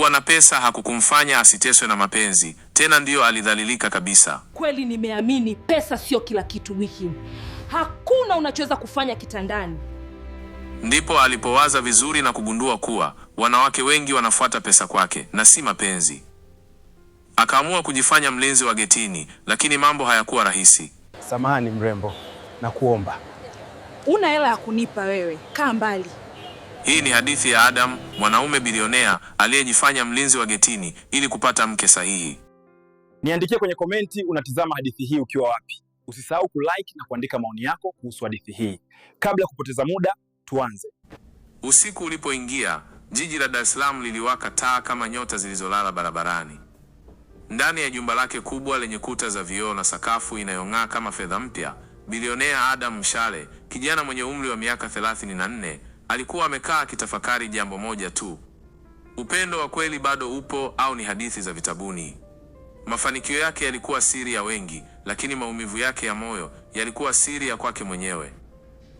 Kuwa na pesa hakukumfanya asiteswe na mapenzi, tena ndiyo alidhalilika kabisa. Kweli nimeamini pesa sio kila kitu, Wiki, hakuna unachoweza kufanya kitandani. Ndipo alipowaza vizuri na kugundua kuwa wanawake wengi wanafuata pesa kwake na si mapenzi. Akaamua kujifanya mlinzi wa getini, lakini mambo hayakuwa rahisi. Samahani mrembo, nakuomba. Una hela ya kunipa wewe? Kaa mbali. Hii ni hadithi ya Adam, mwanaume bilionea aliyejifanya mlinzi wa getini ili kupata mke sahihi. Niandikie kwenye komenti unatizama hadithi hii ukiwa wapi. Usisahau kulike na kuandika maoni yako kuhusu hadithi hii. Kabla ya kupoteza muda, tuanze. Usiku ulipoingia, jiji la Dar es Salaam liliwaka taa kama nyota zilizolala barabarani. Ndani ya jumba lake kubwa lenye kuta za vioo na sakafu inayong'aa kama fedha mpya, bilionea Adam Mshale, kijana mwenye umri wa miaka 34 Alikuwa amekaa akitafakari jambo moja tu: upendo wa kweli bado upo au ni hadithi za vitabuni? Mafanikio yake yalikuwa siri ya wengi, lakini maumivu yake ya moyo yalikuwa siri ya kwake mwenyewe.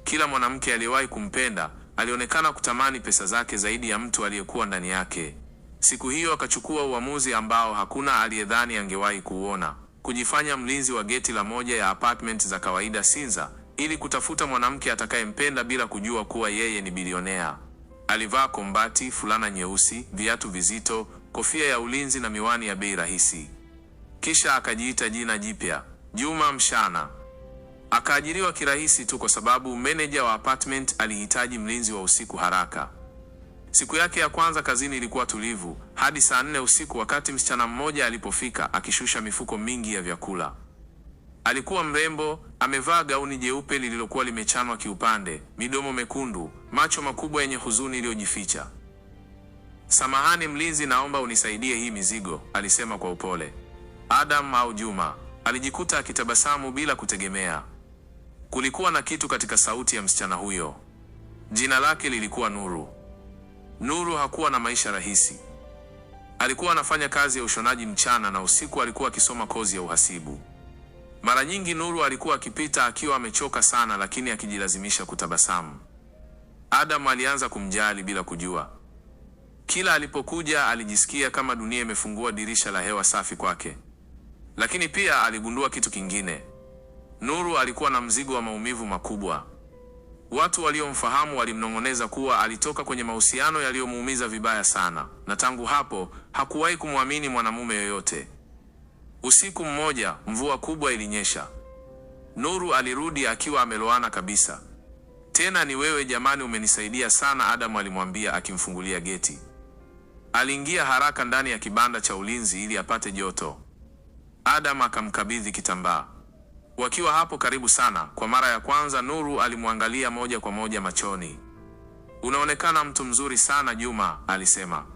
Kila mwanamke aliyewahi kumpenda alionekana kutamani pesa zake zaidi ya mtu aliyekuwa ndani yake. Siku hiyo akachukua uamuzi ambao hakuna aliyedhani angewahi kuuona, kujifanya mlinzi wa geti la moja ya apartment za kawaida Sinza, ili kutafuta mwanamke atakayempenda bila kujua kuwa yeye ni bilionea. Alivaa kombati, fulana nyeusi, viatu vizito, kofia ya ulinzi na miwani ya bei rahisi. Kisha akajiita jina jipya, Juma Mshana. Akaajiriwa kirahisi tu kwa sababu meneja wa apartment alihitaji mlinzi wa usiku haraka. Siku yake ya kwanza kazini ilikuwa tulivu hadi saa nne usiku wakati msichana mmoja alipofika akishusha mifuko mingi ya vyakula. Alikuwa mrembo, amevaa gauni jeupe lililokuwa limechanwa kiupande, midomo mekundu, macho makubwa yenye huzuni iliyojificha. Samahani mlinzi, naomba unisaidie hii mizigo, alisema kwa upole. Adam au Juma alijikuta akitabasamu bila kutegemea. Kulikuwa na kitu katika sauti ya msichana huyo. Jina lake lilikuwa Nuru. Nuru hakuwa na maisha rahisi. Alikuwa anafanya kazi ya ushonaji mchana na usiku alikuwa akisoma kozi ya uhasibu. Mara nyingi Nuru alikuwa akipita akiwa amechoka sana, lakini akijilazimisha kutabasamu. Adam alianza kumjali bila kujua. Kila alipokuja alijisikia kama dunia imefungua dirisha la hewa safi kwake. Lakini pia aligundua kitu kingine: Nuru alikuwa na mzigo wa maumivu makubwa. Watu waliomfahamu walimnong'oneza kuwa alitoka kwenye mahusiano yaliyomuumiza vibaya sana, na tangu hapo hakuwahi kumwamini mwanamume yoyote. Usiku mmoja, mvua kubwa ilinyesha. Nuru alirudi akiwa ameloana kabisa. Tena ni wewe jamani, umenisaidia sana, Adamu alimwambia akimfungulia geti. Aliingia haraka ndani ya kibanda cha ulinzi ili apate joto. Adamu akamkabidhi kitambaa. Wakiwa hapo karibu sana, kwa mara ya kwanza Nuru alimwangalia moja kwa moja machoni. Unaonekana mtu mzuri sana Juma, alisema.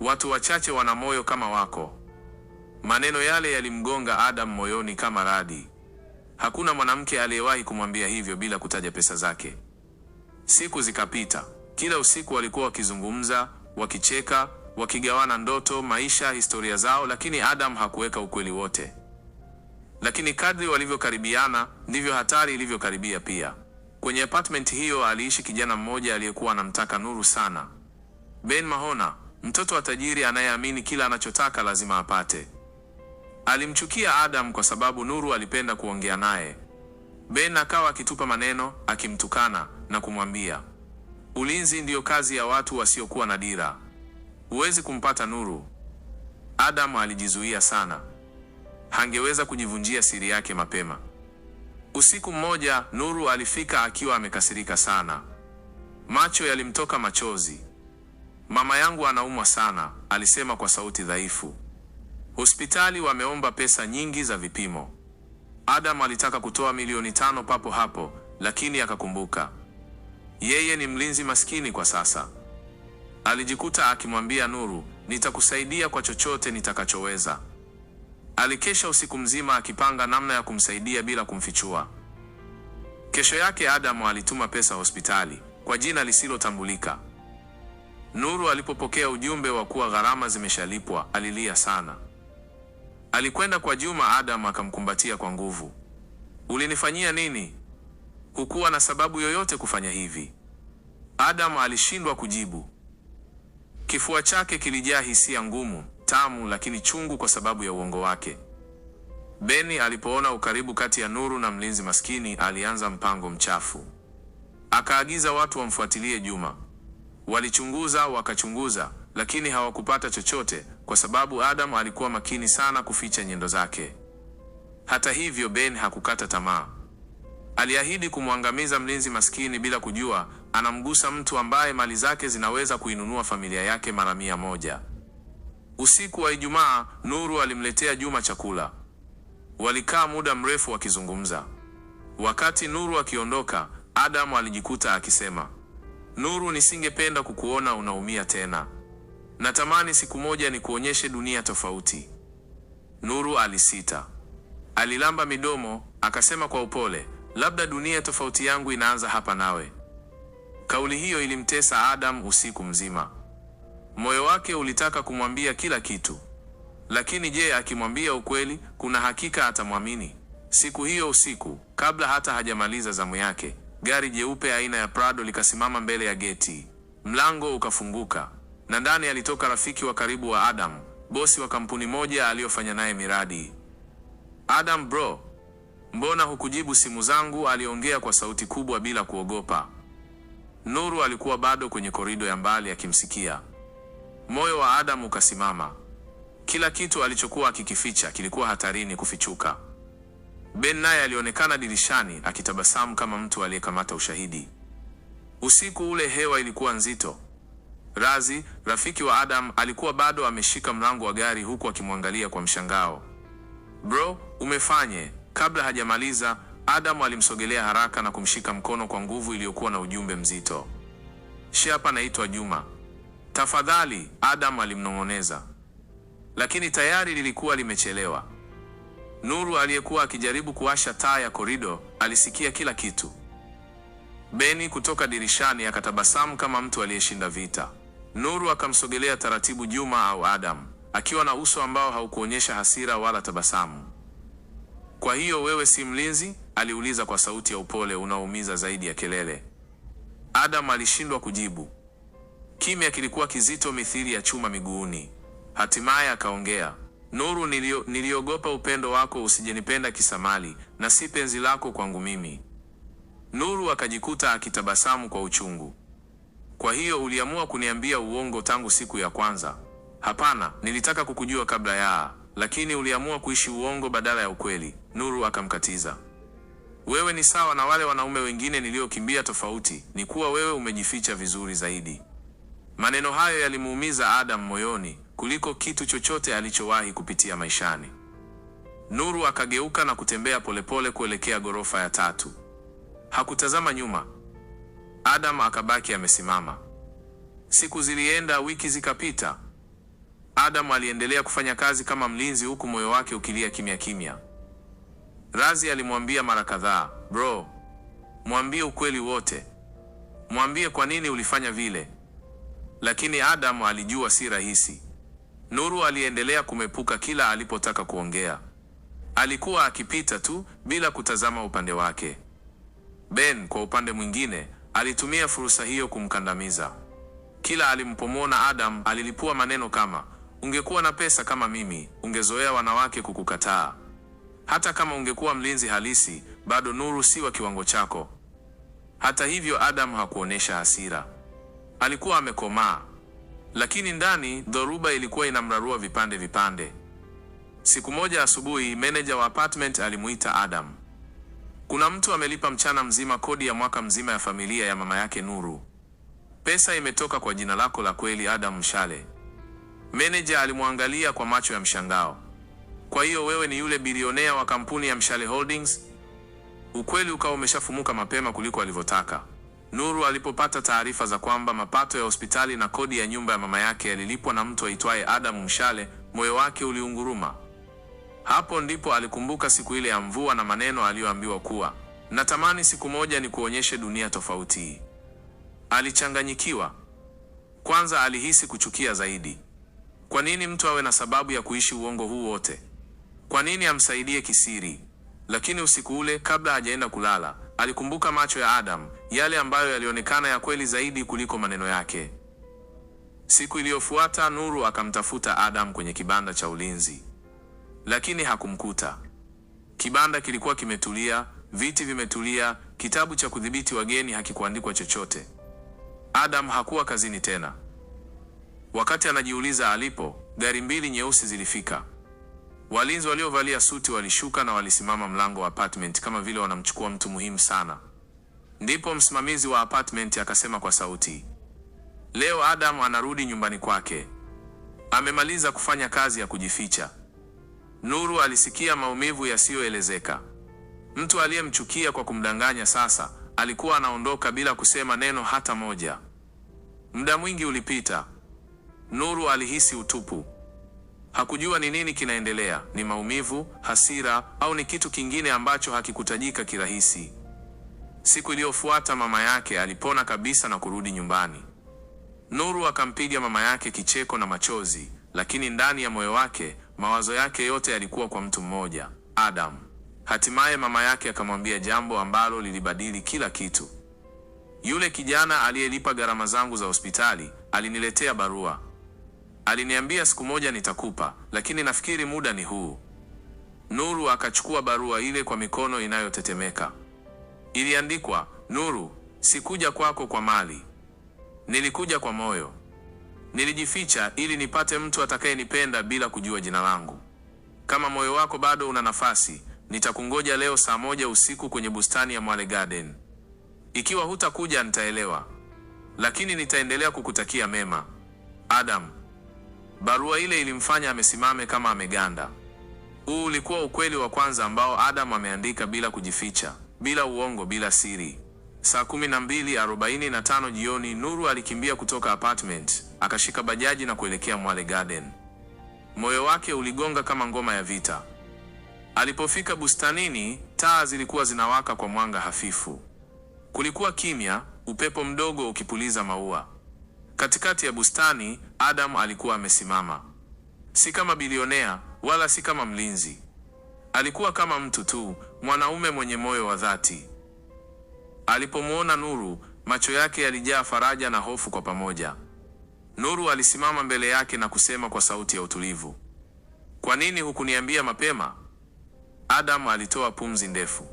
Watu wachache wana moyo kama wako. Maneno yale yalimgonga Adam moyoni kama radi. Hakuna mwanamke aliyewahi kumwambia hivyo bila kutaja pesa zake. Siku zikapita. Kila usiku walikuwa wakizungumza, wakicheka, wakigawana ndoto, maisha, historia zao, lakini Adam hakuweka ukweli wote. Lakini kadri walivyokaribiana, ndivyo hatari ilivyokaribia pia. Kwenye apartment hiyo aliishi kijana mmoja aliyekuwa anamtaka Nuru sana. Ben Mahona, mtoto wa tajiri anayeamini kila anachotaka lazima apate. Alimchukia Adam kwa sababu Nuru alipenda kuongea naye. Ben akawa akitupa maneno, akimtukana na kumwambia, ulinzi ndiyo kazi ya watu wasiokuwa na dira, huwezi kumpata Nuru. Adam alijizuia sana, hangeweza kujivunjia siri yake mapema. Usiku mmoja, Nuru alifika akiwa amekasirika sana, macho yalimtoka machozi. Mama yangu anaumwa sana, alisema kwa sauti dhaifu. Hospitali wameomba pesa nyingi za vipimo. Adam alitaka kutoa milioni tano papo hapo, lakini akakumbuka yeye ni mlinzi maskini kwa sasa. Alijikuta akimwambia Nuru, nitakusaidia kwa chochote nitakachoweza. Alikesha usiku mzima akipanga namna ya kumsaidia bila kumfichua. Kesho yake Adamu alituma pesa hospitali kwa jina lisilotambulika. Nuru alipopokea ujumbe wa kuwa gharama zimeshalipwa, alilia sana. Alikwenda kwa Juma. Adam akamkumbatia kwa nguvu. Ulinifanyia nini? Hukuwa na sababu yoyote kufanya hivi. Adam alishindwa kujibu. Kifua chake kilijaa hisia ngumu, tamu lakini chungu kwa sababu ya uongo wake. Beni alipoona ukaribu kati ya Nuru na mlinzi maskini, alianza mpango mchafu. Akaagiza watu wamfuatilie Juma. Walichunguza, wakachunguza, lakini hawakupata chochote kwa sababu Adamu alikuwa makini sana kuficha nyendo zake. Hata hivyo, Ben hakukata tamaa. Aliahidi kumwangamiza mlinzi maskini bila kujua anamgusa mtu ambaye mali zake zinaweza kuinunua familia yake mara mia moja. Usiku wa Ijumaa, Nuru alimletea Juma chakula. Walikaa muda mrefu wakizungumza. Wakati Nuru akiondoka, Adamu alijikuta akisema, Nuru, nisingependa kukuona unaumia tena. Natamani siku moja ni kuonyeshe dunia tofauti. Nuru alisita, alilamba midomo, akasema kwa upole, labda dunia tofauti yangu inaanza hapa nawe. Kauli hiyo ilimtesa Adam usiku mzima. Moyo wake ulitaka kumwambia kila kitu, lakini je, akimwambia ukweli, kuna hakika atamwamini? Siku hiyo usiku, kabla hata hajamaliza zamu yake, gari jeupe aina ya Prado likasimama mbele ya geti. Mlango ukafunguka na ndani alitoka rafiki wa karibu wa Adam, bosi wa kampuni moja aliyofanya naye miradi. Adam bro, mbona hukujibu simu zangu? aliongea kwa sauti kubwa bila kuogopa. Nuru alikuwa bado kwenye korido ya mbali akimsikia. Moyo wa Adam ukasimama. Kila kitu alichokuwa akikificha kilikuwa hatarini kufichuka. Ben naye alionekana dirishani akitabasamu kama mtu aliyekamata ushahidi. Usiku ule hewa ilikuwa nzito. Razi, rafiki wa Adam, alikuwa bado ameshika mlango wa gari huku akimwangalia kwa mshangao. Bro, umefanye. Kabla hajamaliza, Adam alimsogelea haraka na kumshika mkono kwa nguvu iliyokuwa na ujumbe mzito. She hapa naitwa Juma. Tafadhali, Adam alimnong'oneza. Lakini tayari lilikuwa limechelewa. Nuru aliyekuwa akijaribu kuwasha taa ya korido, alisikia kila kitu. Beni kutoka dirishani akatabasamu kama mtu aliyeshinda vita. Nuru akamsogelea taratibu Juma au Adam, akiwa na uso ambao haukuonyesha hasira wala tabasamu. Kwa hiyo wewe si mlinzi? aliuliza kwa sauti ya upole unaoumiza zaidi ya kelele. Adam alishindwa kujibu. Kimya kilikuwa kizito mithili ya chuma miguuni. Hatimaye akaongea, Nuru, nilio, niliogopa upendo wako usijenipenda kisamali, na si penzi lako kwangu mimi. Nuru akajikuta akitabasamu kwa uchungu. Kwa hiyo uliamua kuniambia uongo tangu siku ya kwanza? Hapana, nilitaka kukujua kabla ya, lakini uliamua kuishi uongo badala ya ukweli. Nuru akamkatiza. Wewe ni sawa na wale wanaume wengine niliokimbia, tofauti ni kuwa wewe umejificha vizuri zaidi. Maneno hayo yalimuumiza Adam moyoni kuliko kitu chochote alichowahi kupitia maishani. Nuru akageuka na kutembea polepole kuelekea ghorofa ya tatu. Hakutazama nyuma. Adam akabaki amesimama. Siku zilienda, wiki zikapita. Adam aliendelea kufanya kazi kama mlinzi, huku moyo wake ukilia kimya kimya. Razi alimwambia mara kadhaa, bro, mwambie ukweli wote, mwambie kwa nini ulifanya vile. Lakini Adam alijua si rahisi. Nuru aliendelea kumepuka kila alipotaka kuongea. Alikuwa akipita tu bila kutazama upande wake. Ben kwa upande mwingine Alitumia fursa hiyo kumkandamiza. Kila alimpomwona Adam alilipua maneno kama, ungekuwa na pesa kama mimi, ungezoea wanawake kukukataa. Hata kama ungekuwa mlinzi halisi, bado nuru si wa kiwango chako. Hata hivyo, Adam hakuonyesha hasira, alikuwa amekomaa, lakini ndani dhoruba ilikuwa inamrarua vipande vipande. Siku moja asubuhi, meneja wa apartment alimuita Adam. Kuna mtu amelipa mchana mzima kodi ya mwaka mzima ya familia ya mama yake Nuru. Pesa imetoka kwa jina lako la kweli Adam Mshale. Meneja alimwangalia kwa macho ya mshangao. Kwa hiyo wewe ni yule bilionea wa kampuni ya Mshale Holdings? Ukweli ukawa umeshafumuka mapema kuliko alivyotaka. Nuru alipopata taarifa za kwamba mapato ya hospitali na kodi ya nyumba ya mama yake yalilipwa na mtu aitwaye Adam Mshale, moyo wake uliunguruma. Hapo ndipo alikumbuka siku ile ya mvua na maneno aliyoambiwa kuwa natamani siku moja ni kuonyeshe dunia tofauti. Alichanganyikiwa. Kwanza alihisi kuchukia zaidi. Kwa nini mtu awe na sababu ya kuishi uongo huu wote? Kwa nini amsaidie kisiri? Lakini usiku ule, kabla hajaenda kulala, alikumbuka macho ya Adam, yale ambayo yalionekana ya kweli zaidi kuliko maneno yake. Siku iliyofuata Nuru akamtafuta Adam kwenye kibanda cha ulinzi lakini hakumkuta. Kibanda kilikuwa kimetulia, viti vimetulia, kitabu cha kudhibiti wageni hakikuandikwa chochote. Adam hakuwa kazini tena. Wakati anajiuliza alipo, gari mbili nyeusi zilifika. Walinzi waliovalia suti walishuka na walisimama mlango wa apartment kama vile wanamchukua mtu muhimu sana. Ndipo msimamizi wa apartment akasema kwa sauti, leo Adam anarudi nyumbani kwake, amemaliza kufanya kazi ya kujificha. Nuru alisikia maumivu yasiyoelezeka. Mtu aliyemchukia kwa kumdanganya sasa alikuwa anaondoka bila kusema neno hata moja. Muda mwingi ulipita. Nuru alihisi utupu. Hakujua ni nini kinaendelea, ni maumivu, hasira au ni kitu kingine ambacho hakikutajika kirahisi. Siku iliyofuata mama yake alipona kabisa na kurudi nyumbani. Nuru akampiga mama yake kicheko na machozi, lakini ndani ya moyo wake Mawazo yake yote yalikuwa kwa mtu mmoja, Adam. Hatimaye mama yake akamwambia jambo ambalo lilibadili kila kitu. Yule kijana aliyelipa gharama zangu za hospitali aliniletea barua. Aliniambia siku moja nitakupa, lakini nafikiri muda ni huu. Nuru akachukua barua ile kwa mikono inayotetemeka. Iliandikwa, Nuru, sikuja kwako kwa mali. Nilikuja kwa moyo. Nilijificha ili nipate mtu atakayenipenda bila kujua jina langu. Kama moyo wako bado una nafasi, nitakungoja leo saa moja usiku kwenye bustani ya Mwale Garden. Ikiwa hutakuja nitaelewa, lakini nitaendelea kukutakia mema. Adam. Barua ile ilimfanya amesimame kama ameganda. Huu ulikuwa ukweli wa kwanza ambao Adam ameandika bila kujificha, bila uongo, bila siri. Saa tano jioni, Nuru alikimbia kutoka apartment, akashika bajaji na kuelekea Mwale Garden. Moyo wake uligonga kama ngoma ya vita. Alipofika bustanini, taa zilikuwa zinawaka kwa mwanga hafifu. Kulikuwa kimya, upepo mdogo ukipuliza maua. Katikati ya bustani, Adam alikuwa amesimama. Si kama bilionea wala si kama mlinzi. Alikuwa kama mtu tu, mwanaume mwenye moyo wa dhati. Alipomwona Nuru, macho yake yalijaa faraja na hofu kwa pamoja. Nuru alisimama mbele yake na kusema kwa sauti ya utulivu, kwa nini hukuniambia mapema? Adamu alitoa pumzi ndefu.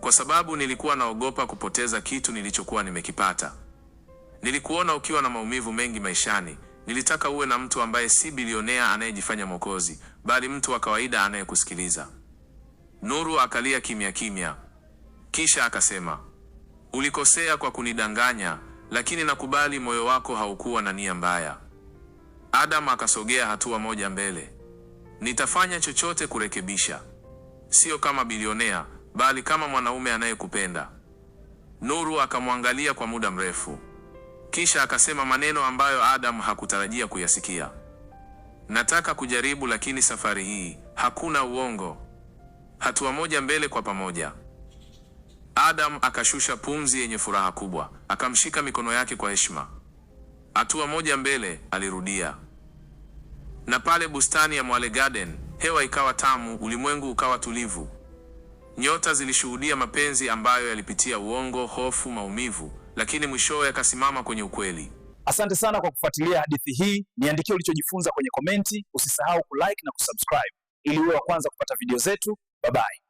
Kwa sababu nilikuwa naogopa kupoteza kitu nilichokuwa nimekipata. Nilikuona ukiwa na maumivu mengi maishani, nilitaka uwe na mtu ambaye si bilionea anayejifanya mwokozi, bali mtu wa kawaida anayekusikiliza. Nuru akalia kimya kimya, kisha akasema, Ulikosea kwa kunidanganya, lakini nakubali moyo wako haukuwa na nia mbaya. Adam akasogea hatua moja mbele. Nitafanya chochote kurekebisha, sio kama bilionea, bali kama mwanaume anayekupenda. Nuru akamwangalia kwa muda mrefu, kisha akasema maneno ambayo Adam hakutarajia kuyasikia. Nataka kujaribu, lakini safari hii hakuna uongo. Hatua moja mbele kwa pamoja. Adam akashusha pumzi yenye furaha kubwa, akamshika mikono yake kwa heshima. Hatua moja mbele, alirudia. Na pale bustani ya Mwale Garden, hewa ikawa tamu, ulimwengu ukawa tulivu. Nyota zilishuhudia mapenzi ambayo yalipitia uongo, hofu, maumivu, lakini mwishowe yakasimama kwenye ukweli. Asante sana kwa kufuatilia hadithi hii. Niandikie ulichojifunza kwenye komenti, usisahau kulike na kusubscribe ili uwe wa kwanza kupata video zetu. Bye bye.